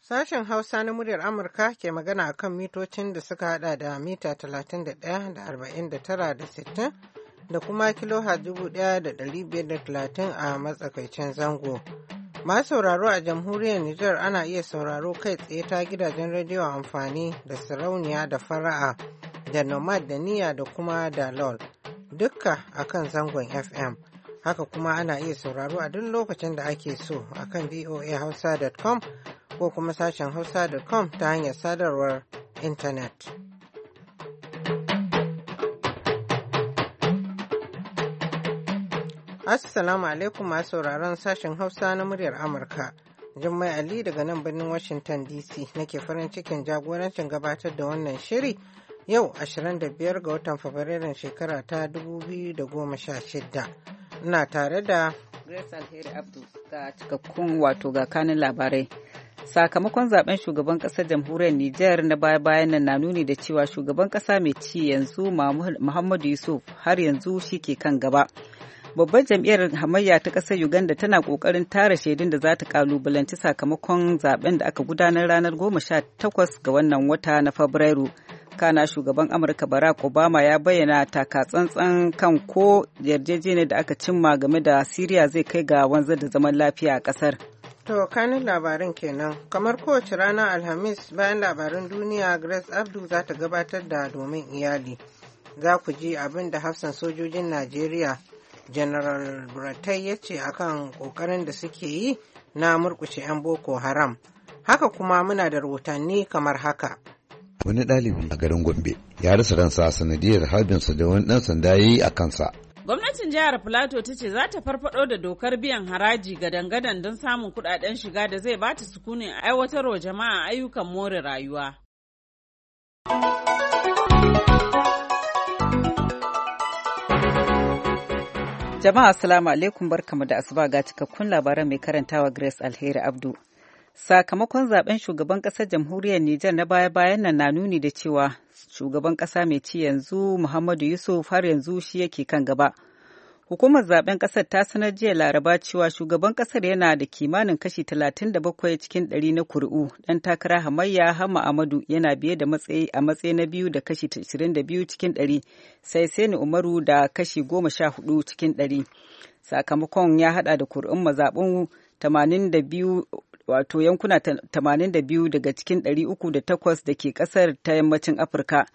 Sashen Hausa na muryar Amurka ke magana a kan mitocin da suka hada da mita 31 da 49 da 60 da kuma kiloha 1530 a matsakaicin zango. Masu sauraro a jamhuriyar Nijar ana iya sauraro kai tsaye ta gidajen rediyo amfani da sarauniya da fara'a da nomad da niya da kuma da lol. dukka akan zangon FM. Haka kuma ana iya sauraro a duk lokacin da ake so akan voahausa.com ko kuma sashen hausa.com ta hanyar sadarwar intanet. Assalamu alaikum masu sauraron sashen Hausa na muryar Amurka. Jummai Ali daga nan birnin Washington DC nake farin cikin jagorancin gabatar da wannan shiri yau 25 ga watan fabrairun shekara ta 2016 ina tare da grace alheri abdu ga cikakkun wato ga kanin labarai sakamakon zaben shugaban kasar jamhuriyar niger na baya-bayan nan na nuni da cewa shugaban kasa mai ci yanzu muhammadu yusuf har yanzu shi ke kan gaba babbar jam'iyyar hamayya ta ƙasar uganda tana ƙoƙarin tara shaidun da za ta kalubalanci sakamakon zaben da aka gudanar ranar 18 ga wannan wata na fabrairu na shugaban amurka barack obama ya bayyana takatsantsan kan ko yarjejeniyar da aka cimma game da siriya zai kai ga wanzar da zaman lafiya a kasar to kanin labarin kenan kamar kowace rana alhamis bayan labarin duniya grace abdu za ta gabatar da domin iyali za ku ji abin da hafsan sojojin najeriya general buratai ya ce akan kokarin da suke yi na murkushe 'yan boko haram haka kuma muna da rahotanni kamar haka wani ɗalibi a garin gombe ya rasa ransa sanadiyar harbinsa da wani ɗan sanda ya yi a kansa gwamnatin jihar filato ta ce za ta farfado da dokar biyan haraji ga dangadan don samun kudaden shiga da zai bata sukunin aiwatarwa jama'a ayyukan more rayuwa jama'a assalamu alaikum barkamu da asuba ga cikakkun labaran mai karantawa grace alheri abdu Sakamakon zaben shugaban ƙasar jamhuriyar Nijar na baya-bayan nan na nuni da cewa shugaban ƙasa mai ci yanzu Muhammadu Yusuf har yanzu shi yake kan gaba. Hukumar zaben ƙasar ta sanar jiya Laraba cewa shugaban ƙasar yana da kimanin kashi 37 cikin 100 na kuri'u, ɗan takara Hamayya Hama Amadu yana biye da matsayi a matsayi na biyu da kashi 22 cikin 100, sai Sani Umaru da kashi 14 cikin 100. sakamakon ya hada da kuri'un mazaɓin 82 wato yankuna 82 daga cikin 308 da ke ƙasar ta yammacin afirka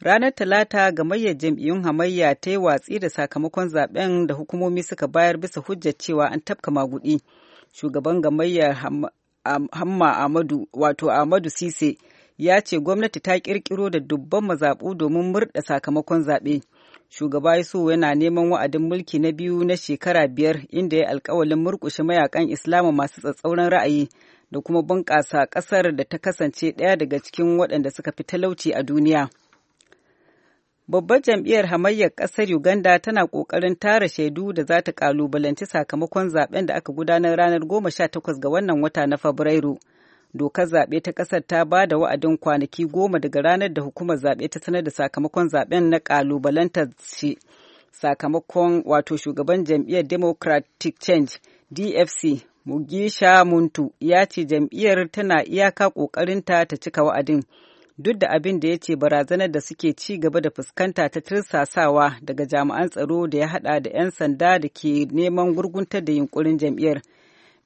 ranar talata gamayyar jam'iyyun hamayya ta yi watsi da sakamakon zaben da hukumomi suka bayar bisa hujjar cewa an tafka magudi shugaban gamayyar hamma amadu wato amadu sise ya ce gwamnati ta kirkiro da dubban mazaɓu domin murɗa sakamakon zaɓe. shugaba Yusuf yana neman wa'adin mulki na biyu na shekara biyar inda ya alkawalin murkushe mayakan Islamu masu tsatsauran ra'ayi da kuma bunƙasa ƙasar da ta kasance ɗaya daga cikin waɗanda suka fi talauci a duniya. Babbar jam'iyyar hamayyar ƙasar Uganda tana ƙoƙarin tara shaidu da za ta ƙalubalanci sakamakon zaben da aka gudanar ranar goma sha takwas ga wannan wata na Fabrairu. dokar zaɓe ta ƙasar ta ba da wa'adin kwanaki goma daga ranar da hukumar zaɓe ta sanar da sakamakon zaɓen na ƙalubalanta shi sakamakon wato shugaban jam'iyyar democratic change dfc mugisha muntu ya ce jam'iyyar tana iyaka ƙoƙarinta ta cika wa'adin duk da abin da ya ce barazanar da suke ci gaba da fuskanta ta tirsasawa daga jami'an tsaro da ya hada da 'yan sanda da ke neman gurguntar da yunkurin jam'iyyar.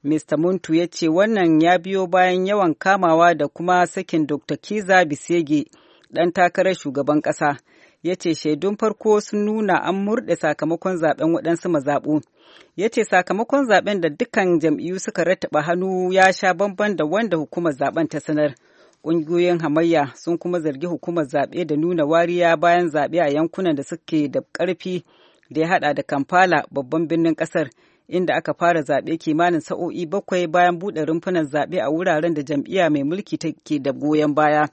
Mr. Muntu ya ce wannan ya biyo bayan yawan kamawa da kuma sakin Dr. Kiza Bisege ɗan takarar shugaban ƙasa. Ya ce shaidun farko sun nuna an murɗe sakamakon zaben waɗansu mazaɓu. Ya ce sakamakon zaɓen da dukkan jam'iyyu suka rattaba hannu ya sha bamban da wanda hukumar zaɓen ta sanar. Ƙungiyoyin hamayya sun kuma zargi hukumar zaɓe da nuna wariya bayan zaɓe a yankunan da suke da ƙarfi da ya haɗa da Kampala babban birnin ƙasar. inda aka fara zaɓe kimanin sa'o'i bakwai bayan buɗe rumfunan zaɓe a wuraren da jam'iyya mai mulki take da goyon baya.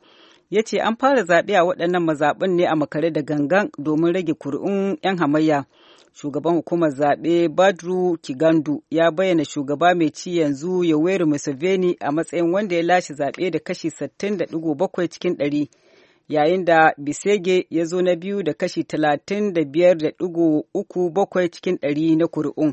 Ya ce an fara zaɓe a waɗannan mazaɓin ne a makare da gangan domin rage kuri'un 'yan hamayya. Shugaban hukumar zaɓe Badru Kigandu ya bayyana shugaba mai ci yanzu Yoweri Museveni a matsayin wanda ya lashe zaɓe da kashi 60.7 cikin ɗari. yayin da Bisege ya zo na biyu da kashi 35.37 cikin ɗari na kuri'un.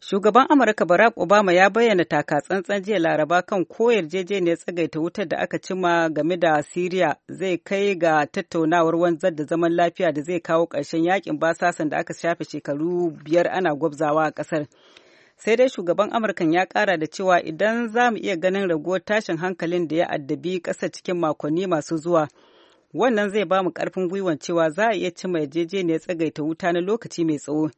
Shugaban Amurka Barack Obama ya bayyana taka tsantsan jiya Laraba kan ko yarjejeniyar tsagaita wutar da aka cima game da Siriya zai kai ga tattaunawar wanzar da zaman lafiya da zai kawo ƙarshen yakin basasan da aka shafe shekaru biyar ana gwabzawa a ƙasar. Sai dai shugaban Amurkan ya kara da cewa idan za mu iya ganin raguwar tashin hankalin da ya addabi ƙasar cikin makonni masu zuwa. Wannan zai ba mu ƙarfin gwiwan cewa za a iya cima yarjejeniyar tsagaita wuta na lokaci mai tsawo.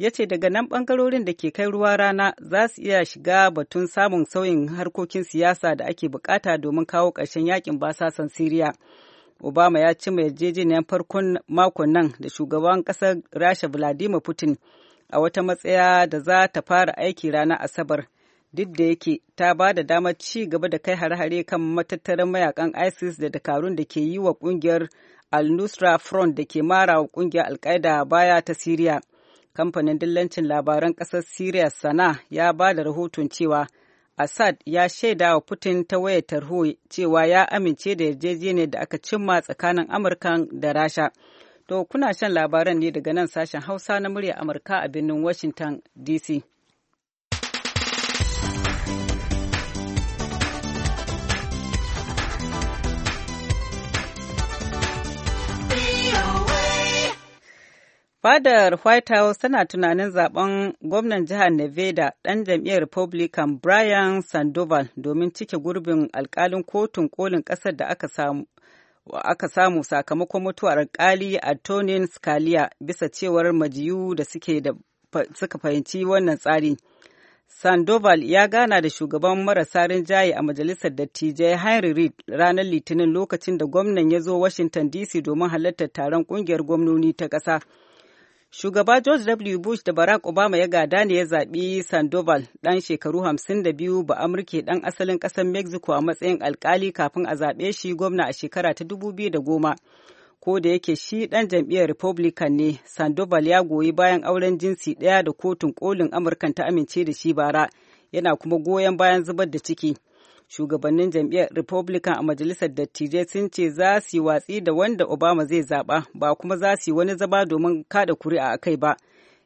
ya ce daga nan bangarorin da ke kai ruwa rana za su iya shiga batun samun sauyin harkokin siyasa da ake bukata domin kawo ƙarshen yakin basasan siriya obama ya ci mai yarjejeniyar farkon makon nan da shugaban ƙasar rasha vladimir putin a wata matsaya da za ta fara aiki ranar asabar duk da yake ta ba da damar ci gaba da kai hare-hare kan matattaran mayakan isis da dakarun da ke yi wa kungiyar al-nusra front da ke mara wa kungiyar al baya ta siriya kamfanin dillancin labaran ƙasar Siriya Sana ya ba da rahoton cewa Assad ya shaida wa Putin ta wayar tarho cewa ya amince da yarjejeniyar da aka cimma tsakanin Amurka da Rasha. To kuna shan labaran ne daga nan sashen Hausa na murya Amurka a birnin Washington DC. Fadar White House tana tunanin zaben gwamnan jihar Nevada ɗan jam'iyyar Republican Brian Sandoval domin cike gurbin alkalin kotun kolin ƙasar da aka samu. aka samu sakamakon mutuwar alkali Antonin Scalia bisa cewar majiyu da da suka fahimci wannan tsari. Sandoval ya gana da shugaban marasa rinjaye a majalisar dattijai Henry Reid ranar Litinin lokacin da gwamnan ya zo Washington DC domin halartar taron kungiyar gwamnoni ta ƙasa. Shugaba George W. Bush da Barack Obama ya gada ne ya zaɓi Sandoval ɗan shekaru 52 ba Amurke ɗan asalin ƙasar Mexico a matsayin alkali kafin a zaɓe shi gwamna a shekara ta 2010. Ko da yake shi ɗan jam'iyyar Republican ne, Sandoval ya goyi bayan auren jinsi ɗaya da kotun kolin Amurkan ta amince da shi bara, yana kuma goyon bayan zubar da ciki. shugabannin jam'iyyar republican a majalisar dattijai sun ce za su yi watsi da wanda obama zai zaba ba kuma za su yi wani zaba domin kada kuri'a a kai ba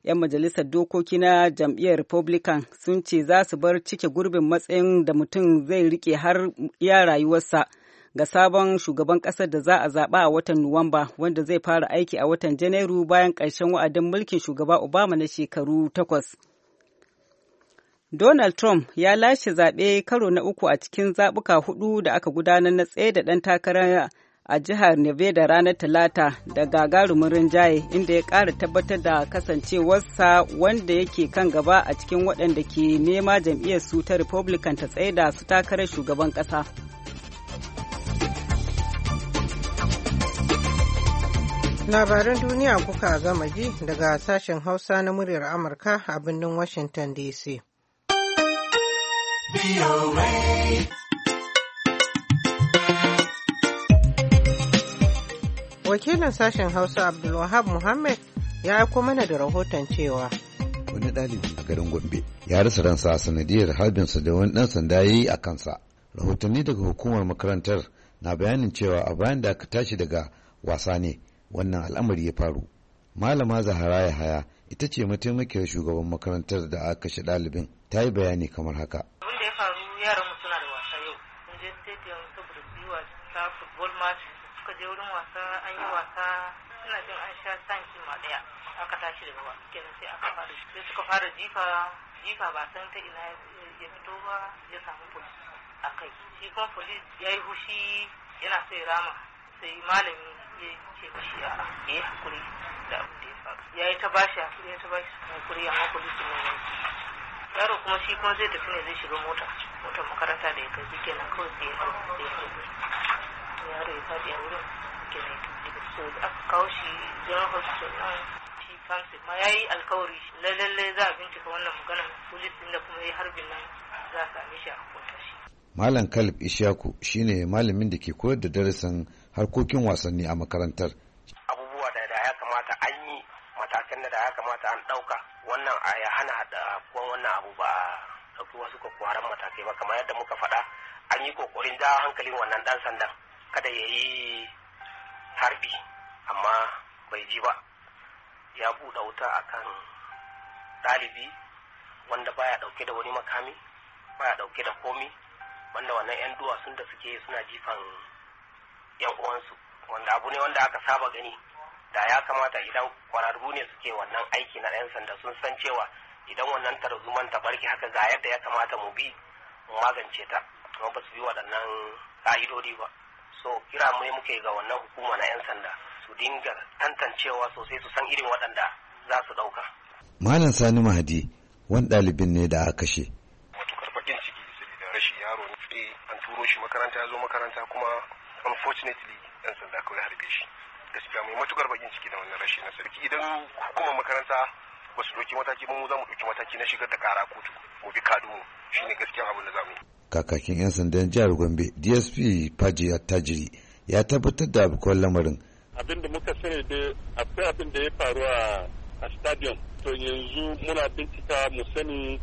'yan majalisar dokoki na jam'iyyar republican sun ce za su bar cike gurbin matsayin da mutum zai rike har ya rayuwarsa ga sabon shugaban ƙasar da za a zaɓa a watan nuwamba wanda zai fara aiki a watan janairu bayan ƙarshen wa'adin mulkin shugaba obama na shekaru takwas. Donald Trump ya lashe zaɓe karo na uku a cikin zaɓuka hudu da aka gudanar na tsaye da ɗan takara a jihar Nevada ranar Talata da gagarumin rinjaye inda ya ƙara tabbatar da kasancewarsa wanda yake kan gaba a cikin waɗanda ke nema jam'iyyar su ta Republican ta tsaye da su takarar shugaban ƙasa. Labaran duniya kuka gama ji daga sashen Hausa na muryar Amurka a birnin Washington DC. Wakilin sashen Hausa Abdulwahab Muhammad ya aiko mana da rahoton cewa wani ɗalibi a garin Gombe ya rasa ransa a sanadiyar harbinsa da wani ɗan sanda ya yi a kansa. Rahotanni daga hukumar makarantar na bayanin cewa a bayan da aka tashi daga wasa ne wannan al'amari ya faru. Malama Zahara Yahaya ita ce mataimakiyar shugaban makarantar da aka kashe ɗalibin ta yi bayani kamar haka. je wurin wasa an yi wasa suna jin an sha sanki ma daya aka tashi daga wasu kenan sai aka fara sai suka fara jifa jifa ba san ta ina ya fito ba ya samu kuma a kai shi kuma polis ya yi hushi yana sai rama sai malami ya ce mishi a ya yi hakuri da abin da ya faru ya yi ta bashi hakuri ya ta bashi hakuri amma polis ne yaro kuma shi kuma zai tafi ne zai shiga mota motar makaranta da ya kai kenan kawai sai ya hau yaro ya faɗi a wurin kenan so aka kawo shi general hospital nan shi kansa ma ya yi alkawari lallai za a bincika wannan maganar polis ɗin da kuma ya harbin nan za a same shi a hukunta shi. Malam Kalib Ishaku shine malamin da ke koyar da darasin harkokin wasanni a makarantar. Abubuwa da da ya kamata an yi matakan da da ya kamata an ɗauka wannan a ya hana da kuma wannan abu ba ɗauki wasu kwakwaran matakai ba kamar yadda muka faɗa an yi kokarin jawo hankalin wannan ɗan sandan. kada ya yi harbi amma bai ji ba ya buɗe wuta akan ɗalibi wanda baya ɗauke da wani makami baya ɗauke da komi wanda wannan 'yan duwatsun da suke suna jifan 'yan uwansu wanda abu ne wanda aka saba gani da ya kamata idan kwararru ne suke wannan aiki na 'yan sanda sun san cewa idan wannan tarzuman ta barke haka ga yadda ya kamata mu bi mu magance ta kuma ba su bi waɗannan ƙa'idodi ba so kira mai muke ga wannan hukuma na 'yan sanda su dinga tantancewa sosai su san irin waɗanda za su ɗauka. malam sani mahadi wani ɗalibin ne da aka kashe matukar bakin ciki saboda rashin yaro ne an turo shi makaranta ya zo makaranta kuma unfortunately 'yan sanda kawai harbe shi gaskiya mai matukar bakin ciki da wannan rashin na sarki idan hukumar makaranta ba su ɗauki mataki ba mu za mu ɗauki mataki na shigar da ƙara kotu mu bi kadu shine gaskiya abin da za mu yi kakakin 'yan sandan jihar gombe dsp faji Tajiri ya tabbatar da abokan lamarin abin da muka sani da akwai abin da ya faru a stadium to yanzu muna bincika mu sani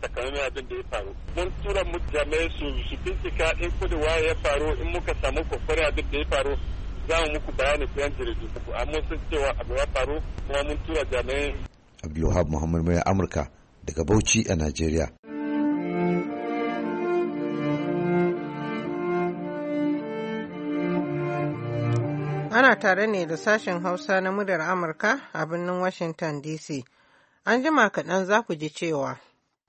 takamaiman abin da ya faru mun tura mu jami'ai su su bincika in kudi waye ya faru in muka samu kokari abin da ya faru za mu muku bayani ko yan jaridu amma sun cewa abu ya faru kuma mun tura jami'ai Abdulwahab Muhammad mai Amurka daga Bauchi a Najeriya Ana tare ne da sashen Hausa na muryar Amurka a birnin Washington DC. An jima kaɗan za ku ji cewa.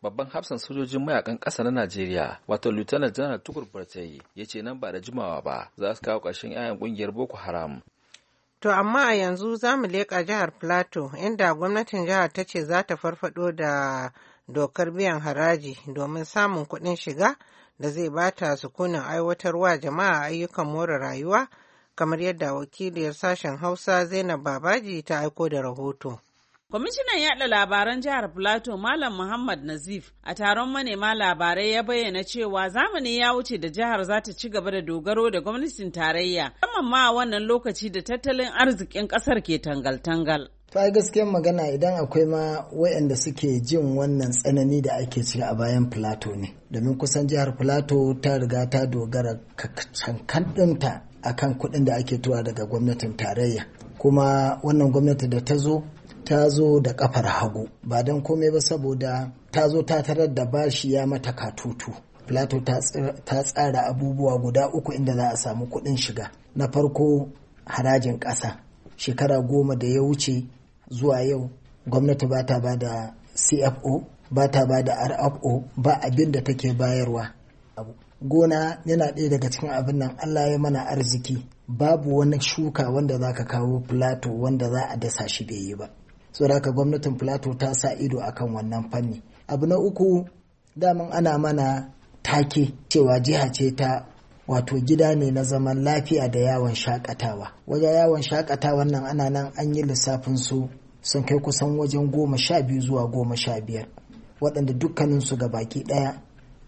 Babban hafsan sojojin mayakan ƙasa na Najeriya, wato Lieutenant General Tukur Bartayi, ya ce nan ba da jimawa ba za su kawo ƙarshen 'ya'yan ƙungiyar Boko Haram. To amma a yanzu za mu leƙa jihar Plateau inda gwamnatin jihar ta ce za ta farfado da dokar biyan haraji domin samun kuɗin shiga da zai ba bata sukunin aiwatarwa jama'a ayyukan more rayuwa kamar yadda wakiliyar sashen Hausa Zainab Babaji ta aiko da rahoto. Kwamishinan yaɗa labaran jihar Plateau Malam Muhammad Nazif a taron manema labarai ya bayyana cewa zamani ya wuce da jihar za ta ci gaba da dogaro da gwamnatin tarayya, musamman ma wannan lokaci da tattalin arzikin ƙasar ke tangal-tangal. To ai gaskiyar magana idan akwai ma wayanda suke jin wannan tsanani da ake ciki a bayan Plateau ne. Domin kusan jihar Plateau ta riga ta dogara kankantinta akan kuɗin da ake tuwa daga gwamnatin tarayya kuma wannan gwamnati da ta zo ta zo da kafar hagu ba don komai ba saboda ta zo ta tarar da shi ya mata katutu plato ta tsara abubuwa guda uku inda za a samu kuɗin shiga na farko harajin ƙasa shekara goma da ya wuce zuwa yau gwamnati ba ta ba da cfo ba ta ba da rfo ba abin da take bayarwa gona yana ɗaya daga cikin abin nan Allah ya mana arziki babu wani shuka wanda za ka kawo filato wanda za a dasa shi bai yi ba so da gwamnatin filato ta sa ido akan wannan fanni abu na uku daman ana mana take cewa jiha ce ta wato gida ne na zaman lafiya da yawon shakatawa wajen yawon shakatawa nan ana nan an yi lissafin su sun kai kusan wajen goma sha biyu zuwa goma sha biyar waɗanda dukkaninsu ga baki ɗaya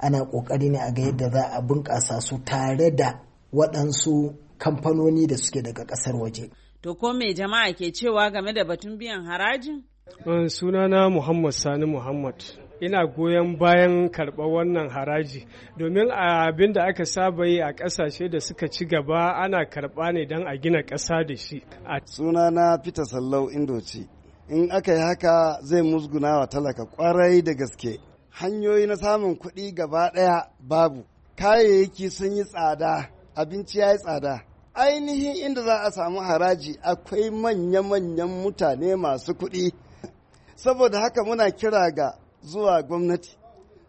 ana ƙoƙari ne a ga yadda za a bunƙasa su tare da waɗansu kamfanoni da suke daga ƙasar waje. To ko me jama'a ke cewa game da batun biyan harajin? Eh, sunana Muhammad Sani Muhammad. ina goyon bayan karɓar wannan haraji domin abin da aka saba yi a ƙasashe da suka ci gaba ana karɓa ne don a gina ƙasa da shi. sunana Peter Sallau Indoci in aka yi haka zai musguna wa talaka kwarai da gaske hanyoyi na samun kuɗi gaba ɗaya babu kayayyaki sun yi tsada abinci ya yi tsada ainihin inda za a samu haraji akwai manya-manyan mutane masu kuɗi saboda haka muna kira ga zuwa gwamnati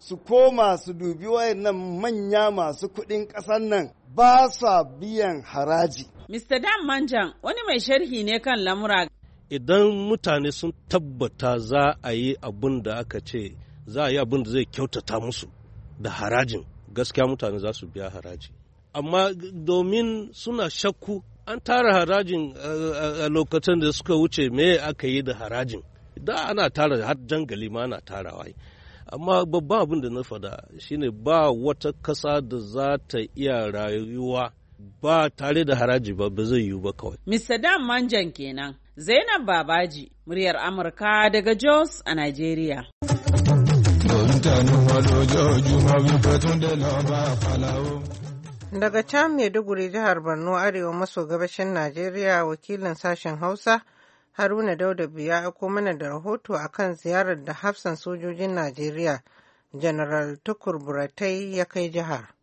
su koma su dubi wayannan manya masu kuɗin ƙasar nan ba sa biyan haraji. Mr. Dan Manjan wani mai sharhi ne kan lamura. Idan mutane sun tabbata za a yi abin da aka ce za a yi abin da zai kyautata musu da harajin gaskiya mutane za su biya haraji amma domin suna shakku an tara harajin a lokacin da suka wuce me aka yi da harajin da ana tara har jangali ma ana tarawa amma babban abin da na fada shine ba wata kasa da za ta iya rayuwa ba tare da haraji ba ba zai yiwu ba kawai. Mr. Dan Manjan kenan, Zainab Babaji, muryar Amurka daga Jos a Najeriya. Daga can Maiduguri jihar Borno Arewa maso gabashin Najeriya wakilin sashen Hausa Haruna Dauda ya aiko mana da rahoto a kan ziyarar da hafsan sojojin Najeriya General Tukur Buratai ya kai jihar.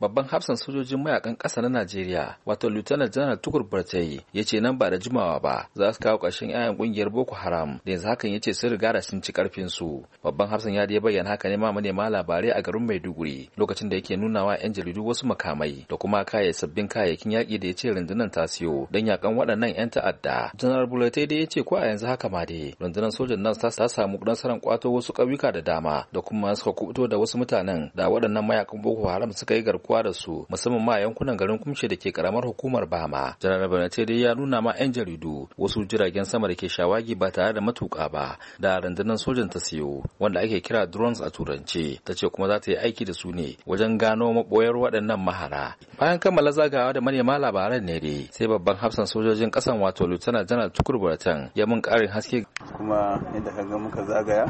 babban hafsan sojojin mayakan ƙasa na Najeriya wato Lieutenant General Tukur Bartai ya ce nan ba da jimawa ba za su kawo ƙarshen yayan ƙungiyar Boko Haram da yanzu hakan ya ce sun riga da sun ci karfin su babban hafsan ya dai bayyana haka ne ma manema labarai a garin Maiduguri lokacin da yake nuna wa 'yan jaridu wasu makamai da kuma kaya sabbin kayayyakin yaƙi da ya ce rundunar ta siyo don yakan waɗannan 'yan ta'adda General Bulate dai ya ce ko a yanzu haka ma dai rundunar sojan nan ta samu nasarar kwato wasu ƙauyuka da dama da kuma suka kubuto da wasu mutanen da waɗannan mayakan Boko Haram suka yi garkuwa garkuwa da su musamman ma yankunan garin kumshe da ke karamar hukumar bama janar banate dai ya nuna ma 'yan jaridu wasu jiragen sama da ke shawagi ba tare da matuka ba da rundunar sojan ta siyo wanda ake kira drones a turance ta ce kuma za ta yi aiki da su ne wajen gano maboyar waɗannan mahara bayan kammala zagawa da manema labaran ne dai sai babban hafsan sojojin ƙasan wato lieutenant janar tukur buratan ya mun ƙarin haske kuma yadda ka ga muka zagaya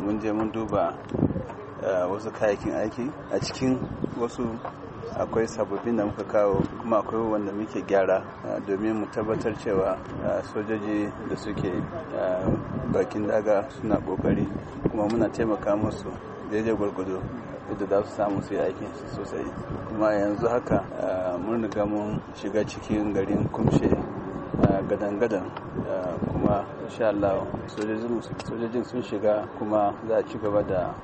mun je mun duba Eh, wasu kayakin aiki a cikin wasu akwai sababbin da muka kawo kuma akwai wanda muke gyara eh, domin mu tabbatar cewa eh, sojoji da suke bakin daga suna kokari kuma muna taimaka musu daidai gwargwado yadda za su samu su yi aikin sosai kuma yanzu haka mun riga mun shiga cikin garin kumshe gadan-gadan kuma insha Allah sojojin sun shiga kuma za a ci gaba da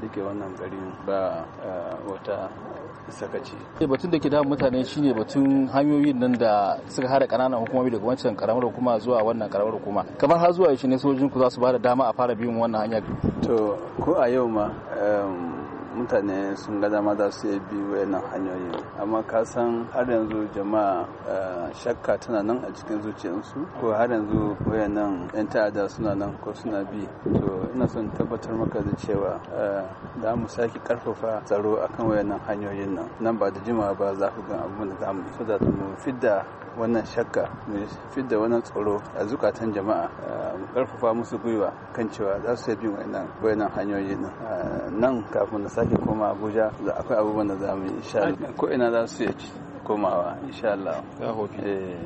rike wannan gari ba eh, wata sakaci. Eh, batun da ke damun mutane shine batun hanyoyin nan da suka hada kananan hukumomi daga wancan karamar hukuma zuwa wannan karamar hukuma kamar har zuwa yaushe ne sojojin ku za su ba da dama a fara biyun wannan hanya to ko a yau ma mutane sun ga dama za su bi wayannan hanyoyi amma ka san har yanzu jama'a eh, shakka tana nan a cikin zuciyarsu ko har yanzu wayannan yan ta'adda suna nan ko suna bi to ina son tabbatar maka da cewa eh, za mu sake karfafa tsaro akan wayannan hanyoyin nan nan ba da jimawa ba za ku ga abin da za mu fidda wannan shakka mai fidda wannan tsoro a zukatan jama'a karfafa musu gwiwa kan cewa za su bi wannan hanyoyi nan nan. kafin na sake koma abuja da akwai abubuwan da za mu yi insha ko ina za su yi komawa insha eh,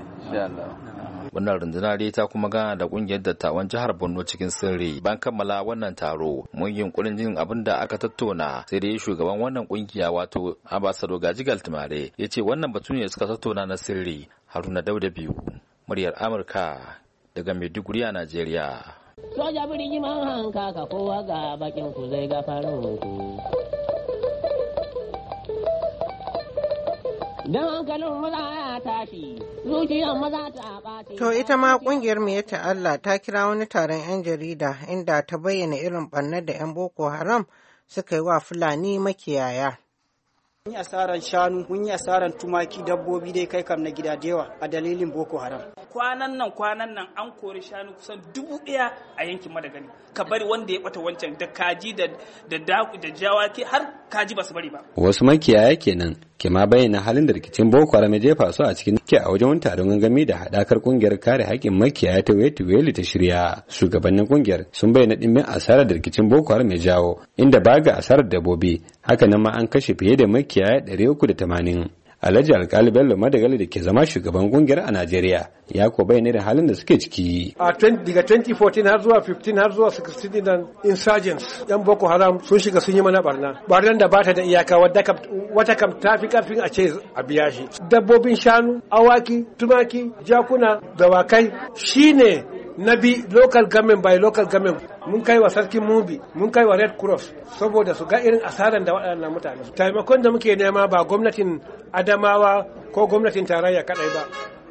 wannan rundunar ta kuma gana da kungiyar dattawan jihar borno cikin sirri ban kammala wannan taro mun yunkurin jin abin da aka tattauna sai dai shugaban wannan kungiya wato ambassador gaji galtimare ya ce wannan batu ne suka tattauna na sirri haruna dauda biyu muryar amurka daga maiduguri a najeriya soja birni man hanka ka kowa ga bakin ku zai ga farin ku don hankalin maza ya tashi zuciyar maza ta ɓace. To ita ma ƙungiyar mu ta Allah ta kira wani taron 'yan jarida inda ta bayyana irin ɓannar da 'yan Boko Haram suka yi wa Fulani makiyaya. Mun yi asaran shanu, mun yi asaran tumaki, dabbobi dai kai kam na gida da yawa a dalilin Boko Haram. Kwanan nan kwanan nan an kori shanu kusan dubu ɗaya a yankin Madagani. Ka bari wanda ya bata wancan da kaji da da daku da jawaki har kaji ba su bari ba. Wasu makiyaya kenan ke ma bayyana halin da rikicin Boko Haram ya jefa su a cikin ke a wajen taron gangami da haɗakar kungiyar kare haƙƙin makiyaya ta Wetuweli ta shirya. Shugabannin kungiyar sun bayyana ɗimbin asarar da rikicin Boko Haram ya jawo inda ba ga asarar dabbobi haka nan ma an kashe fiye da makiyaya ɗari uku da tamanin. alhaji alkali bello madagali da ke zama shugaban kungiyar a najeriya ya ko bayyana da halin da suke ciki a daga 2014 har zuwa 15 har zuwa 16 nan insurgents yan boko haram sun shiga sun yi mana barna barnan da bata da iyaka wata kam ta fi karfin a ce a biya shi dabbobin shanu awaki tumaki jakuna dawakai shine na bi local government by local government mun kai wa sarki mubi mun kai wa red cross saboda su ga irin asaran da waɗannan mutane taimakon da muke nema ba gwamnatin adamawa ko gwamnatin tarayya kadai ba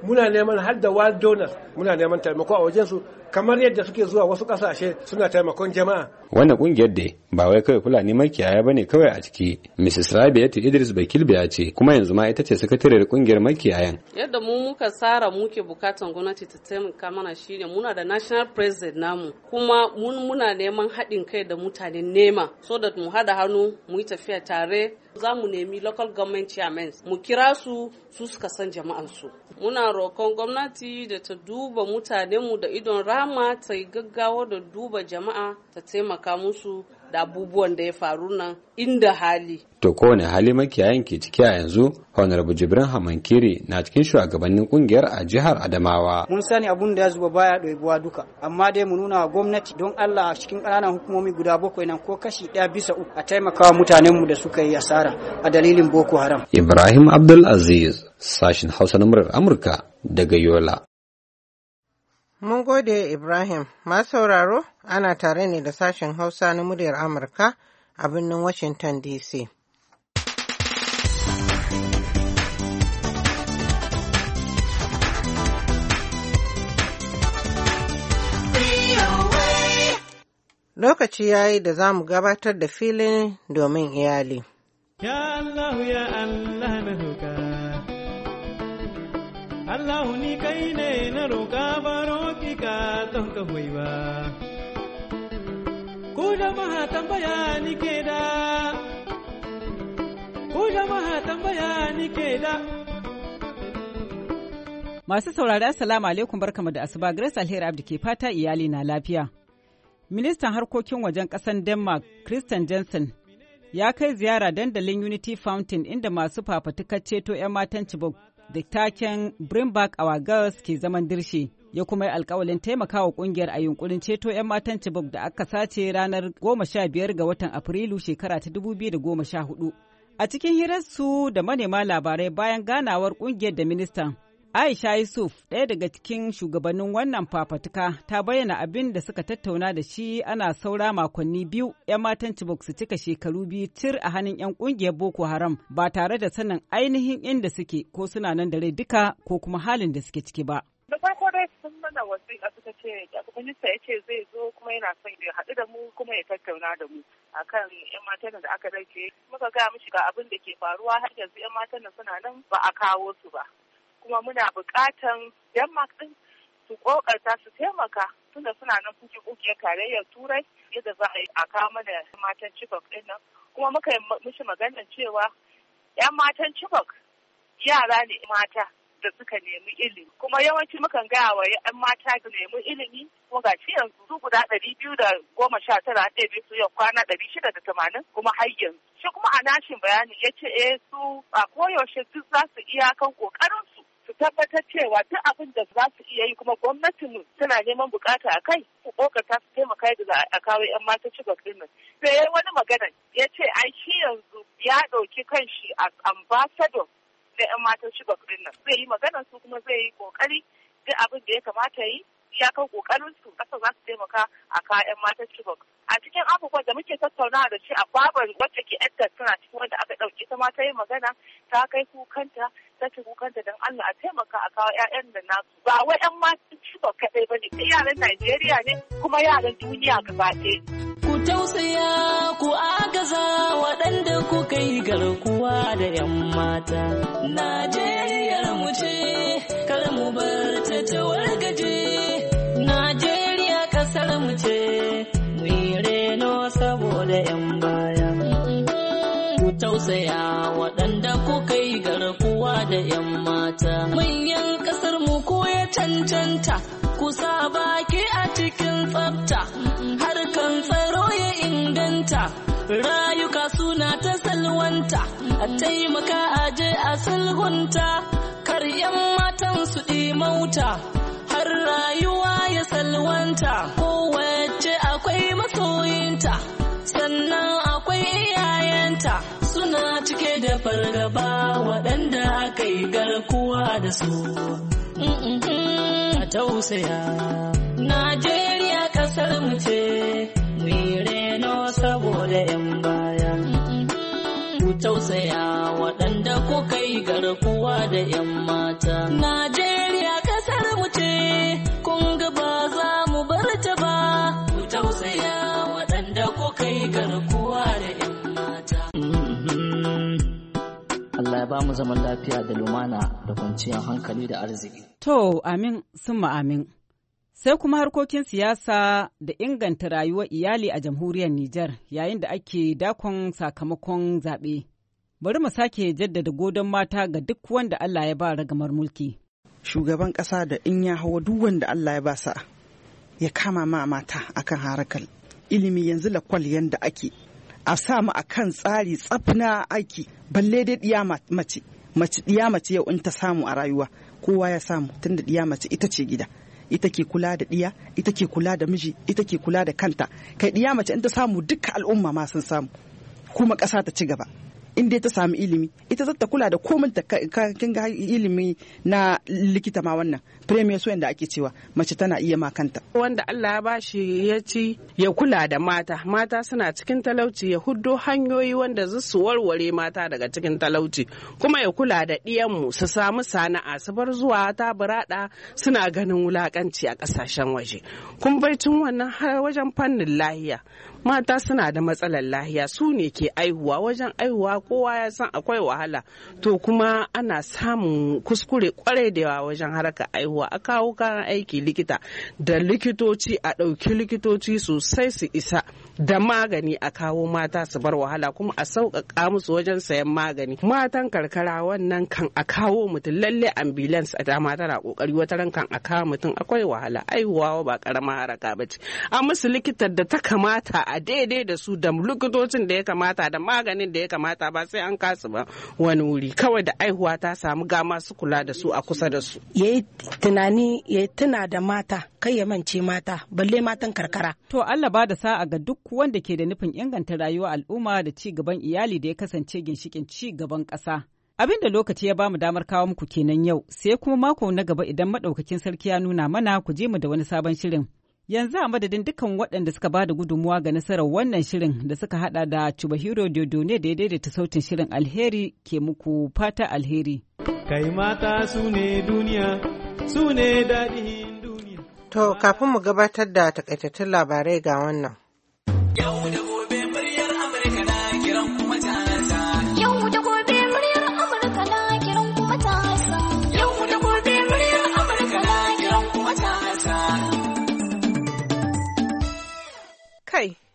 muna neman har da world donors muna neman taimako a wajen su. kamar yadda suke zuwa wasu kasashe suna taimakon jama'a wannan kungiyar da ba wai kawai fulani makiyaya ba ne kawai a ciki Mrs Rabiatu Idris bakil biya ce kuma yanzu ma ita ce sakatariyar kungiyar makiyayan yadda mu muka tsara muke bukatan gwamnati ta taimaka mana shine muna da national president namu kuma mun muna neman haɗin kai da mutanen nema so that mu haɗa hannu mu yi tafiya tare za mu nemi local government chairmen mu kira su su suka san jama'ansu muna roƙon gwamnati da ta duba mutanenmu da idon ra kama ta yi gaggawa da duba jama'a ta taimaka musu da abubuwan da ya faru nan inda hali. To kowane hali makiyayan ke ciki a yanzu, Honorable Jibrin Hamankiri na cikin shugabannin kungiyar a jihar Adamawa. Mun sani abun da ya zuba baya ɗoibuwa duka, amma dai mu nuna wa gwamnati don Allah a cikin ƙananan hukumomi guda bakwai nan ko kashi ɗaya bisa uku a taimaka wa mutanenmu da suka yi asara a dalilin Boko Haram. Ibrahim Abdul Aziz, sashin Hausa na Amurka daga Yola. Mun gode Ibrahim, masu sauraro ana tare ne da sashen Hausa na muryar Amurka a birnin Washington DC. Lokaci ya yi da za mu gabatar da filin domin iyali. Ya Allah ni kai ne na roƙa baro ki ka ka hoyi ba. Ku jama'a tambaya ke da, ku jama'a tambaya ni ke da. Masu saurari Assalamu alaikum barkamu da asuba Grace Alheri Abdi ke fata iyali na lafiya. Ministan harkokin wajen ƙasan Denmark Christian Jensen ya kai ziyara dandalin Unity Fountain inda masu fafatukar ceto 'yan matan Chibok da taken Bring Back Our Girls ke zaman dirshe. Ya kuma yi alkawalin taimakawa kungiyar a yunkurin ceto 'yan matan cibok da aka sace ranar 15 ga watan Afrilu shekara ta 2014. A cikin hirarsu da manema labarai bayan ganawar kungiyar da ministan, Aisha Yusuf, ɗaya daga cikin shugabannin wannan fafatuka, ta bayyana abin da suka tattauna da shi ana saura makonni biyu 'yan matan Chibok su cika shekaru biyu cir a hannun 'yan ƙungiyar Boko Haram ba tare da sanin ainihin inda suke ko suna nan da rai duka ko kuma halin da suke ciki ba. Da farko dai sun mana wasiƙa suka ce minista ya ce zai zo kuma yana son ya haɗu da mu kuma ya tattauna da mu akan 'yan matan da aka rage muka gaya mishi ga abin da ke faruwa har yanzu 'yan matan suna nan ba a kawo su ba. kuma muna buƙatan denmark din su ƙoƙarta su taimaka tunda suna nan kuke kuke tarayyar turai yadda za a yi a kawo mana matan chibok din nan kuma muka yi mishi maganar cewa yan matan chibok yara ne mata da suka nemi ilimi kuma yawanci mukan gaya wa yan mata da nemi ilimi kuma ga shi yanzu su guda ɗari biyu da goma sha tara ɗaya biyu su yau kwana ɗari shida da tamanin kuma har yanzu shi kuma a nashin bayani ya ce eh su a koyaushe duk za su iyakan ƙoƙarin su tabbatar cewa duk abin da za su iya yi kuma gwamnatin tana neman bukata a kai su kokata su taimaka yadda za a kawo yan mata ci din sai yayi wani magana ya ce ai shi yanzu ya ɗauki kanshi a ambassador na yan mata ci din zai yi magana su kuma zai yi kokari duk abin da ya kamata yi ya kokarin su kasa za su taimaka a kawo 'yan matan Chibok. A cikin abubuwan da muke tattaunawa da shi a babar wacce ke yadda tana cikin wanda aka ɗauki. ta mata yi magana ta kai kukanta sake kukan da don Allah a taimaka a kawo 'ya'yan da nasu ba wai 'yan matan Chibok kaɗai ba ne sai yaran Najeriya ne kuma yaran duniya gaba Ku tausaya ku agaza waɗanda ku kai garkuwa da 'yan mata. Najeriyar mu ce kar mu bar ta ta wargaje. Najeriya ƙasar mu ce mu yi reno saboda 'yan baya. Ku tausaya waɗanda da 'yan mata. Manyan ƙasar mu ko ya cancanta, kusa baki a cikin tsafta, harkan tsaro ya inganta, rayuka suna ta salwanta, a taimaka a je a sulhunta, kar 'yan matan su mauta, har rayuwa ya salwanta. kai garkuwa da su a tausaya najeriya kasar mu ce mu reno saboda 'yan baya ku tausaya waɗanda kuka yi garkuwa da 'yan mata najeriya ba mu zaman lafiya da lumana da kwanciyar hankali da arziki. To, amin, sun amin. Sai kuma harkokin siyasa da inganta rayuwar iyali a jamhuriyar Nijar yayin da ake dakon sakamakon zaɓe. Bari mu sake jaddada godon mata ga duk wanda Allah ya ba ragamar mulki. Shugaban ƙasa da in ya hawa duk wanda Allah ya ba sa ya kama ma mata akan harakal. Ilimi yanzu lakwal yanda ake a sa mu kan tsari tsafna aiki balle dai diya mace mace diya mace yau in ta samu a rayuwa kowa ya samu tunda diya mace ita ce gida ita ke kula da diya ita ke kula da miji ita ke kula da kanta kai diya mace in ta samu duka al'umma ma sun samu kuma ƙasa ta ci gaba in dai ta samu ilimi ita zata kula da komai ta kinga ilimi na likita ma wannan premier su da ake cewa mace tana iya ma kanta wanda Allah ya bashi ya ci ya kula da mata mata suna cikin talauci ya huddo hanyoyi wanda za su warware mata daga cikin talauci kuma ya kula da ɗiyanmu su samu sana'a su bar zuwa ta burada suna ganin wulakanci a ƙasashen waje kun baicin wannan har wajen fannin lahiya mata suna da matsalar lahiya su ne ke aihuwa wajen aihuwa kowa ya san akwai wahala to kuma ana samun kuskure kwarai da yawa wajen harkar aihuwa haihuwa a kawo kayan aiki likita da likitoci a ɗauki likitoci sosai su isa da magani a kawo mata su bar wahala kuma a sauƙaƙa musu wajen sayan magani matan karkara wannan kan a kawo mutum lalle ambulance a mata na kokari wata ran kan a kawo mutum akwai wahala aihuwa ba ƙarama haraka ba ce a musu likitar da ta kamata a daidai da su da likitocin da ya kamata da maganin da ya kamata ba sai an kasu ba wani wuri kawai da aihuwa ta samu ga masu kula da su a kusa da su tunani ya tuna da mata kai ya mance mata balle matan karkara. To Allah ba da sa'a ga duk wanda ke da nufin inganta rayuwa, al'umma da ci gaban iyali da ya kasance ginshikin ci gaban ƙasa. Abin da lokaci ya bamu damar kawo muku kenan yau sai kuma mako na gaba idan madaukakin sarki ya nuna mana ku je mu da wani sabon shirin. Yanzu a madadin dukkan waɗanda suka ba da gudunmuwa ga nasarar wannan shirin da suka hada da Chubahiro Dodone da ya daidaita sautin shirin alheri ke muku fata alheri. Kai mata su ne duniya su ne daɗin duniya. To, kafin mu gabatar da takaitattun labarai ga wannan.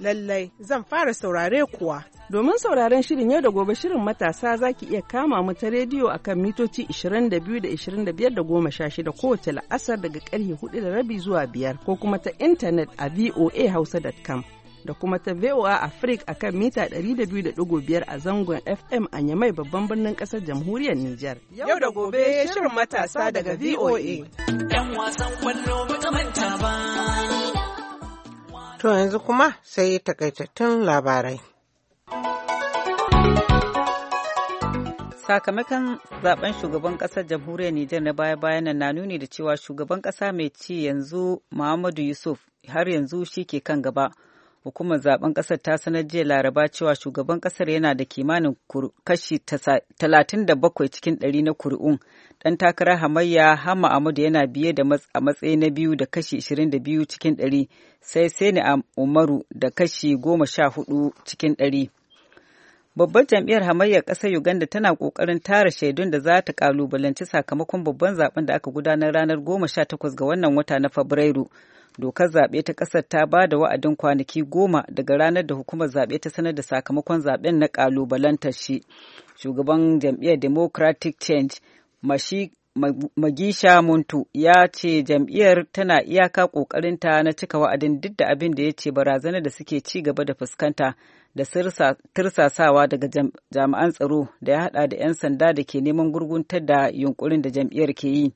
lallai zan fara saurare kuwa. Domin sauraren shirin yau da gobe shirin matasa za ki iya kama mu ta rediyo a kan mitoci 22 da 25 da 16 kowace la'asar daga karhe 4 da rabi zuwa biyar ko kuma ta intanet a voahausa.com. da kuma ta VOA Africa a kan mita 200.5 a zangon FM a Yamai babban birnin kasar jamhuriyar Nijar. Yau da gobe shirin matasa daga VOA. 'Yan wasan kwallo ba ta manta ba. To yanzu kuma sai takaitattun labarai. Sakamakon zaben shugaban kasar jamhuriyar Nijar na baya-bayan nan na nuni da cewa shugaban kasa mai ci yanzu Muhammadu Yusuf har yanzu shi ke kan gaba. hukumar zaben kasar ta sanar jiya laraba cewa shugaban kasar yana da kimanin kashi 37 cikin 100 na kuri'un dan takarar hamayya hama amadu yana biye da a matsayi na biyu da kashi 22 cikin 100 sai sani umaru da kashi 14 cikin 100 babbar jam'iyyar hamayyar ƙasar uganda tana ƙoƙarin tara shaidun da za ta kalubalanci sakamakon babban zaben da aka gudanar ranar 18 ga wannan wata na fabrairu dokar zaɓe ta ƙasar ta ba da wa'adin kwanaki goma daga ranar da hukumar zaɓe ta sanar da sakamakon zaɓen na ƙalubalantar shi shugaban jam'iyyar democratic change mashi magisha muntu ya ce jam'iyyar tana iyaka ƙoƙarinta na cika wa'adin duk da abin da ya ce barazanar da suke ci gaba da fuskanta da tirsasawa daga jami'an tsaro da ya haɗa da 'yan sanda da ke neman gurguntar da yunkurin da jam'iyyar ke yi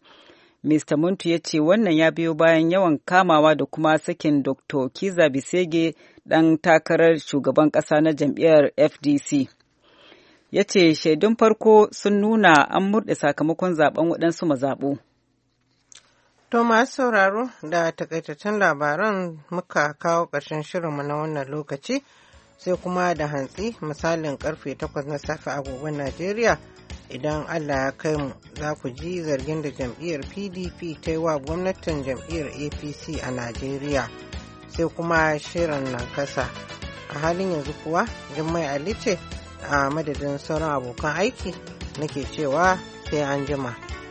Mr. Muntu ya ce wannan ya biyo bayan yawan kamawa da kuma sakin Dr. Kiza Bisege ɗan takarar shugaban ƙasa na jam'iyyar FDC. Ya ce shaidun farko sun nuna an murɗe sakamakon zaben waɗansu mazaɓu. To masu sauraro da takaitattun labaran muka kawo ƙarshen shirinmu na wannan lokaci sai kuma da hantsi misalin karfe 8 na safe agogon Najeriya. idan allah ya kai mu za ku ji zargin da jam'iyyar pdp ta yi wa gwamnatin jam'iyyar apc a najeriya sai kuma shirin nan kasa a halin yanzu kuwa jummai ali ce a madadin sauran abokan aiki nake cewa sai an jima.